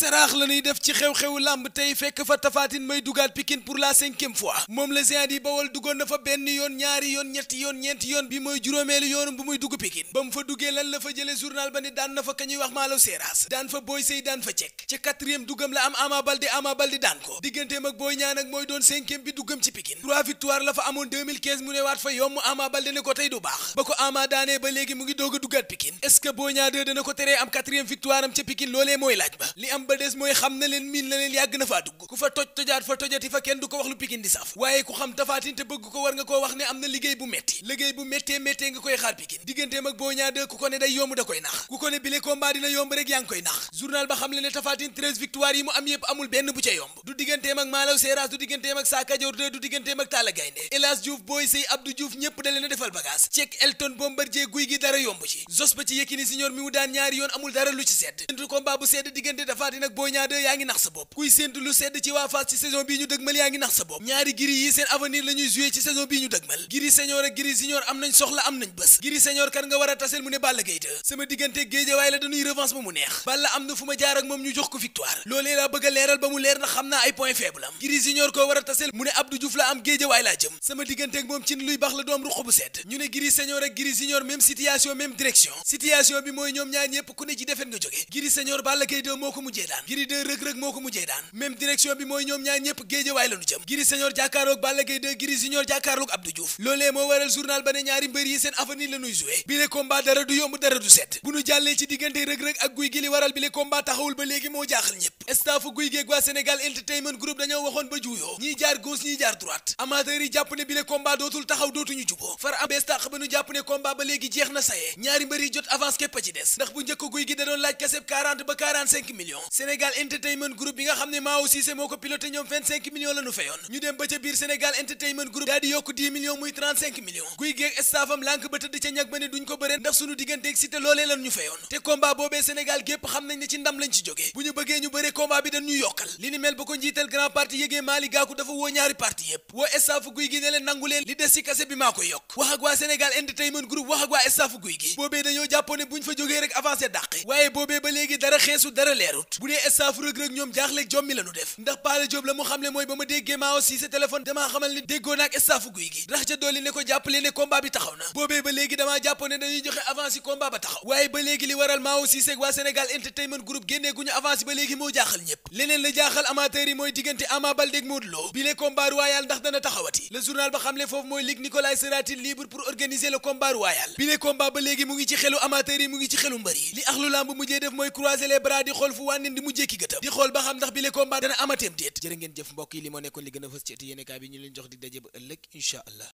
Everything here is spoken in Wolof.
saraax la ñuy def ci xew-xewu làmb tey fekk fa tafaatin may dugaat pikin pour la cinquième fois moom la géant yi duggoon na fa benn yoon ñaari yoon ñetti yoon ñeenti yoon bi mooy juróomeelu yoonum bu muy dugg pikin ba mu fa duggee lan la fa jële journal ba ni daan na fa ka wax maalaw séeraas daan fa booy sëy daan fa cek ca quatrième duggam la am Ama Baldé Ama Baldé daan ko digganteem ak booy ñaan ak mooy doon cinquième bi duggam ci pikin trois victoire la fa amoon 2015 mu newaat ko tey du baax ba ngi doog a duggaat pikin est-ce que booy ñaa dee dana ko teree am quatrième victoire li am ba des mooy xam na leen miin na leen yàgg na faa dugg ku fa toj tojaat fa tojati fa kenn du ko wax lu Pikine di saf waaye ku xam tafaatin te bëgg ko war nga koo wax ne am na liggéey bu metti liggéey bu méttee méttee nga koy xaar Pikine digganteem ak Boy Niang ku ko ne day yomb da koy nax ku ko ne bile combat dina yomb rek yaa ngi koy nax journal ba xam ne tafaatin 13 victoire yi mu am yépp amul benn bu ca yomb du digganteem ak Malaw Seras du digganteem defal bagage ceek Elton guy gi dara yomb ci jos ba ci Yékini Senior mi mu daan ñaari yoon amul dara lu ci sedd séntu combat bu sedd diggante Tapha Tine ak Boy yaa ngi nax sa bopp kuy séntu lu sedd ci waa ci saison bii ñu dëgmal yaa ngi nax sa bopp ñaari giri yi seen avenir la ñuy ci saison bii ñu dëgmal giri Senior ak giri Senior am nañ soxla am nañ bés giri Senior kan nga war a mu ne Balla Gaye sama diggante ak moom défaite ñu ne Gris Senior ak Gris Junior même situation même direction situation bi mooy ñoom ñaar ñépp ku ne ci défaite nga jóge Gris Senior Balla Gaye 2 moo ko mujjee daan Gris 2 rëg-rëg moo ko mujjee daan même direction bi mooy ñoom ñaar ñépp géejawaay lañu jëm Gris Senior jàkkaarloog Balla Gaye 2 Gris Junior jàkkaarloog Abdou Diouf loolee moo waral journal ba ne ñaari mbër yi seen avenir la ñuy joué bile combat dara du yomb dara du set bu ñu jàllee ci diggante léegi moo jaaxal ñépp staffu guy geeg waa Sénégal Entertainment Group dañoo waxoon ba juuyoo ñiy jaar gauche ñiy jaar taxaw dootuñu juboo am bees tàq ba nu jàpp ne combat ba léegi jeex na saye ñaari mbër yi jot avance képp a ci des ndax bu njëkk guy gi da doon laaj kaseb 40 ba 45 millions Sénégal Entertainment Group bi nga xam ne Mao Cissé moo ko piloté ñoom 25 millions la nu fayoon ñu dem ba ca biir Sénégal Entertainment Group daal yokk 10 muy 35 guy gi ak staffam ba tëdd ca ñag ba ne duñ ko bëre ndax sunu digganteeg Cité loolee lan ñu fayoon te combat boobee Sénégal gépp xam nañ ci ndam lañ ci jógee bu ñu bëggee ñu bëre combat bi ñu yokkal li ni mel ba ko njiital grand parti yégee Mali Gakou dafa woo ñaari parti yépp woo bi maa ko yokk wax ak waa Sénégal Entertainment Group wax ak waa staff guy gi boobee dañoo jàppoon ne buñ fa jógee rek avancé dàqe waaye boobee ba léegi dara xeesu dara la nu ndax Paala Jóob la mu mooy ba ma déggee maa aussi sa téléphone damaa xamal ni déggoo naak staff guy gi rax ca dolli ne ko jàppale ne combat bi taxaw na boobee ba léegi damaa jàppoon ne dañuy joxe avance yi combat ba taxaw waaye ba léegi li waral maa aussi seeg waa Sénégal Entertainment Group génnee avance ba léegi moo jaaxal ñëpp leneen la jaaxal amateur yi mooy diggante Ama Baldé ak bi le combat royal ndax dana taxawati le journal ba xamle foofu mooy Luc Nicolaï sera-t-il libre pour organiser le combat royal bi combat ba léegi mu ngi ci xelu amateur yi mu ngi ci xelu mbër li axlu lamb mujjee def mooy croiser les di xool fu wànnen di mujjee ki gëtam di xool ba xam ndax bi combat dana amateem déet jërë ngeen jëf mbokk yi li moo li gën a fës ci ëtt bi ñu leen jox di daje ba ëllëg incha allah